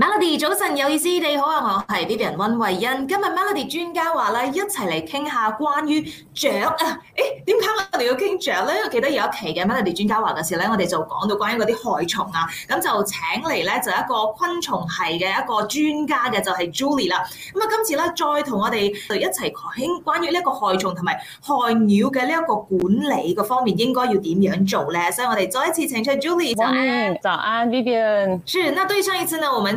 Melody 早晨，有意思，你好啊，我係 Vivian 溫慧欣。今日 Melody 專家話咧，一齊嚟傾下關於雀啊，誒、欸，點解我哋要傾雀咧？因為記得有一期嘅 Melody 專家話嘅時候咧，我哋就講到關於嗰啲害蟲啊，咁就請嚟咧就一個昆蟲系嘅一個專家嘅就係、是、Julie 啦。咁啊，今次咧再同我哋就一齊傾關於呢個害蟲同埋害鳥嘅呢一個管理嘅方面，應該要點樣做咧？所以我哋再一次請出 Julie。早安，早安，Vivian。是 Viv，那對上一次呢，我們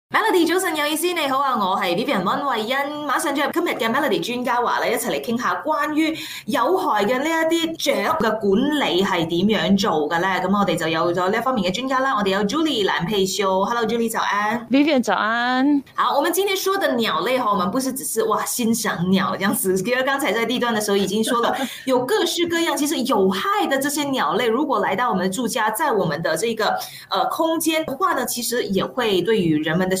Melody 早晨，有意思，你好啊，我係 Vivian 溫慧欣，馬上進入今日嘅 Melody 專家話咧，一齊嚟傾下關於有害嘅呢一啲雀嘅管理係點樣做嘅咧？咁我哋就有咗呢一方面嘅專家啦，我哋有 Julie 藍珮銝，Hello Julie 早安，Vivian 早安。好，我們今天說的鳥類，哈，我們不是只是哇欣賞鳥，這樣子，因為剛才在地段的時候已經說了，有各式各樣，其實有害的這些鳥類，如果來到我們住家，在我們的這個，呃，空間的話呢，其實也會對於人們的。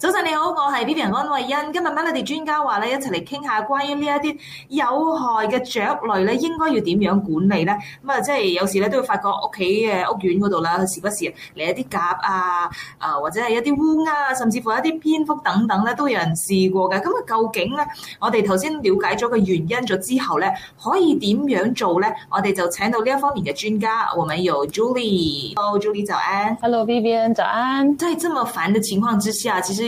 早晨你好，我係 Vivian 安慧欣，今日乜你哋專家話咧一齊嚟傾下關於呢一啲有害嘅雀類咧，應該要點樣管理咧？咁啊，即係有時咧都會發覺屋企嘅屋苑嗰度啦，時不時嚟一啲鴿啊，誒、啊、或者係一啲烏鴉，甚至乎一啲蝙蝠等等咧，都有人試過嘅。咁啊，究竟咧我哋頭先了解咗個原因咗之後咧，可以點樣做咧？我哋就請到呢一方面嘅專家，我們有 Julie，Hello Julie 早安，Hello Vivian 早安。Hello, Vivian, 早安。在這麼煩的情況之下，其實。